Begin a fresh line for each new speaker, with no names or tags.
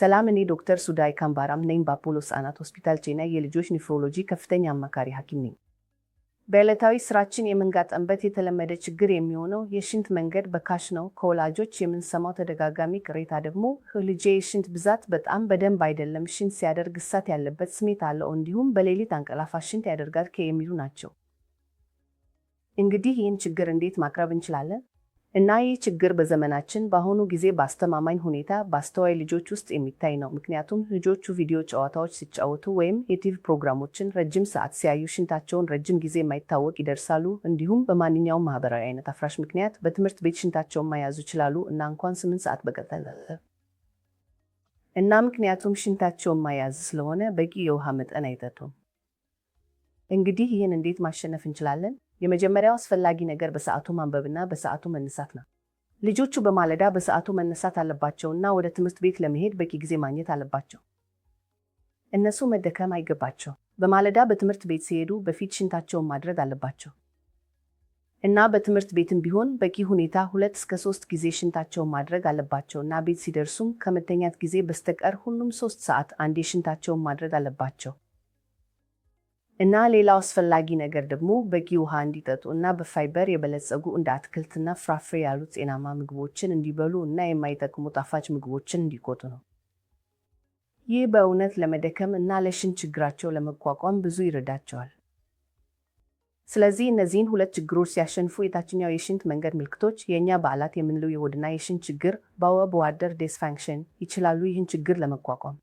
ሰላም፣ እኔ ዶክተር ሱዳይ ካምባራም ነኝ። በአፖሎ ሕፃናት ሆስፒታል ቼና የልጆች ኒፍሮሎጂ ከፍተኛ አማካሪ ሐኪም ነኝ። በዕለታዊ ስራችን የምንጋጠምበት የተለመደ ችግር የሚሆነው የሽንት መንገድ በካሽ ነው። ከወላጆች የምንሰማው ተደጋጋሚ ቅሬታ ደግሞ ልጄ የሽንት ብዛት በጣም በደንብ አይደለም፣ ሽንት ሲያደርግ እሳት ያለበት ስሜት አለው፣ እንዲሁም በሌሊት አንቀላፋ ሽንት ያደርጋል ከ የሚሉ ናቸው። እንግዲህ ይህን ችግር እንዴት ማቅረብ እንችላለን? እና ይህ ችግር በዘመናችን በአሁኑ ጊዜ በአስተማማኝ ሁኔታ በአስተዋይ ልጆች ውስጥ የሚታይ ነው። ምክንያቱም ልጆቹ ቪዲዮ ጨዋታዎች ሲጫወቱ ወይም የቲቪ ፕሮግራሞችን ረጅም ሰዓት ሲያዩ ሽንታቸውን ረጅም ጊዜ የማይታወቅ ይደርሳሉ። እንዲሁም በማንኛውም ማህበራዊ አይነት አፍራሽ ምክንያት በትምህርት ቤት ሽንታቸውን ማያዙ ይችላሉ እና እንኳን ስምንት ሰዓት በቀጠለ እና ምክንያቱም ሽንታቸውን ማያዝ ስለሆነ በቂ የውሃ መጠን አይጠጡም። እንግዲህ ይህን እንዴት ማሸነፍ እንችላለን? የመጀመሪያው አስፈላጊ ነገር በሰዓቱ ማንበብና በሰዓቱ መነሳት ነው። ልጆቹ በማለዳ በሰዓቱ መነሳት አለባቸውና ወደ ትምህርት ቤት ለመሄድ በቂ ጊዜ ማግኘት አለባቸው። እነሱ መደከም አይገባቸው። በማለዳ በትምህርት ቤት ሲሄዱ በፊት ሽንታቸውን ማድረግ አለባቸው እና በትምህርት ቤትም ቢሆን በቂ ሁኔታ ሁለት እስከ ሶስት ጊዜ ሽንታቸውን ማድረግ አለባቸው እና ቤት ሲደርሱም ከመተኛት ጊዜ በስተቀር ሁሉም ሶስት ሰዓት አንዴ ሽንታቸውን ማድረግ አለባቸው። እና ሌላው አስፈላጊ ነገር ደግሞ በቂ ውሃ እንዲጠጡ እና በፋይበር የበለጸጉ እንደ አትክልትና ፍራፍሬ ያሉ ጤናማ ምግቦችን እንዲበሉ እና የማይጠቅሙ ጣፋጭ ምግቦችን እንዲቆጡ ነው። ይህ በእውነት ለመደከም እና ለሽን ችግራቸው ለመቋቋም ብዙ ይረዳቸዋል። ስለዚህ እነዚህን ሁለት ችግሮች ሲያሸንፉ የታችኛው የሽንት መንገድ ምልክቶች የእኛ በዓላት የምንለው የሆድና የሽንት ችግር በወ በዋደር ዴስፋንክሽን ይችላሉ ይህን ችግር ለመቋቋም